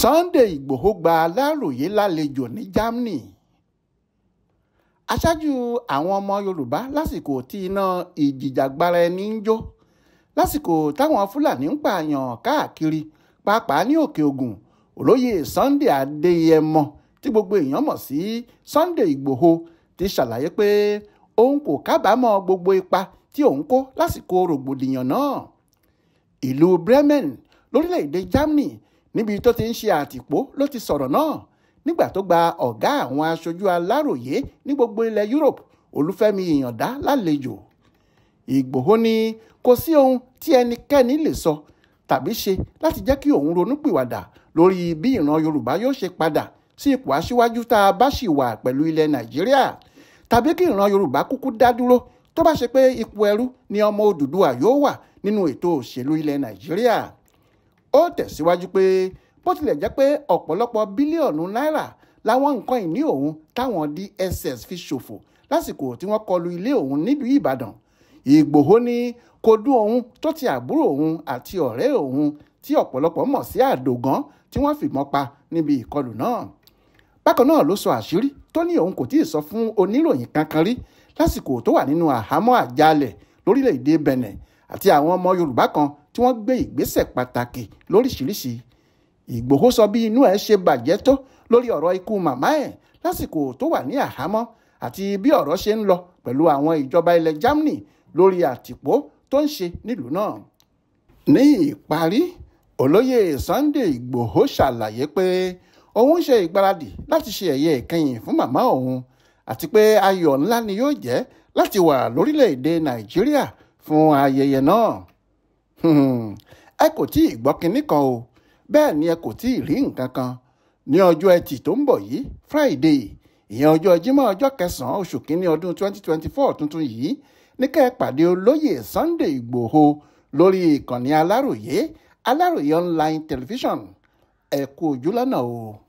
Sunday Ìgbòho gba Aláròyé lálejò ní Germany aṣáájú àwọn ọmọ Yorùbá lásìkò tí iná ìjìjàgbara ẹni ń jó lásìkò táwọn Fúlàní ń pààyàn káàkiri pàápàá ní Òkè Ògùn olóyè Sunday Adéyẹmọ tí gbogbo èèyàn mọ̀ sí Sunday Ìgbòho ti ṣàlàyé pé òun kò kábàámọ̀ gbogbo ipa tí òun kó lásìkò rògbòdìyàn náà ìlú Bremen lórílẹ̀‐èdè Germany níbi tó ti ń ṣe àtìpó ló ti sọ̀rọ̀ náà nígbà tó gba ọ̀gá àwọn aṣojú aláròyé ní gbogbo ilẹ̀ Europe Olúfẹ́mi Ìyàndá lálejò Ìgbòho ni kò sí ohun tí ẹnikẹ́ni lè sọ tàbí ṣe láti jẹ́ kí òun ronúpìwàdà lórí bí ìran Yorùbá yóò ṣe padà sí ipò aṣíwájú tá a bá ṣì wà pẹ̀lú ilẹ̀ Nàìjíríà tàbí kí ìran Yorùbá kúkú dá dúró tó bá ṣe pé ipò ẹrú ni ọmọ Odùduwà yóò wà nínú ètò òṣèlú ilẹ̀ Nàìjíríà ó tẹ̀síwájú pé bó tilẹ̀ jẹ́ pé ọ̀pọ̀lọpọ̀ bílíọ̀nù náírà láwọn nǹkan ìní òun táwọn DSS fi ṣòfò lásìkò tí wọ́n kọlu ilé òun nílùú Ìbàdàn Ìgbòho ní kò dún òun tó ti àbúrò òun àti ọ̀rẹ́ òun tí ọ̀pọ̀lọpọ̀ mọ̀ sí àdògán tí wọ́n fìbọn pa níbi ìkọlù náà bákan náà ló sọ àṣírí tó ní òun kò tí ì sọ fún oníròyìn kankan rí lásìkò tó wà nínú àhámọ́ àjálẹ̀ lórílẹ̀‐èdè Benin àti àwọn ọmọ Yorùbá kan tí wọ́n gbé ìgbésẹ̀ pàtàkì lóríṣiríṣi Ìgbòho sọ bí inú ẹ̀ ṣe bàjẹ́ tó lórí ọ̀rọ̀ ikú màmá ẹ̀ lásìkò tó wà ní àhámọ́ àti bí ọ̀rọ̀ ṣe ń lọ pẹ̀lú àwọn ìjọba ilẹ̀ Germany lórí àtìpó tó ń ṣe nílùú náà. ní ìparí olóyè Sunday Ìgbòho ṣàlàyé pé òun ṣe ìgbáradì láti ṣe ẹ̀yẹ ìkẹyìn fún màmá òun àti pé ayọ̀ ńlá ni yóò jẹ́ láti wà lórílẹ̀‐èdè Nàìjíríà fún ayẹyẹ náà. Hmm. ẹ kò tí ì gbọ́ kinní kan o bẹ́ẹ̀ ni ẹ kò tí ì rí nǹkan kan ní ọjọ́ ẹtì tó ń bọ̀ yìí friday ìyẹn ọjọ́ jímọ̀ ọjọ́ kẹsàn-án oṣù kínní ọdún 2024 tuntun yìí ní ká ẹ pàdé olóyè sunday igbòho lórí ìkànnì aláròyé aláròyé online television ẹ kú ojú lọ́nà o.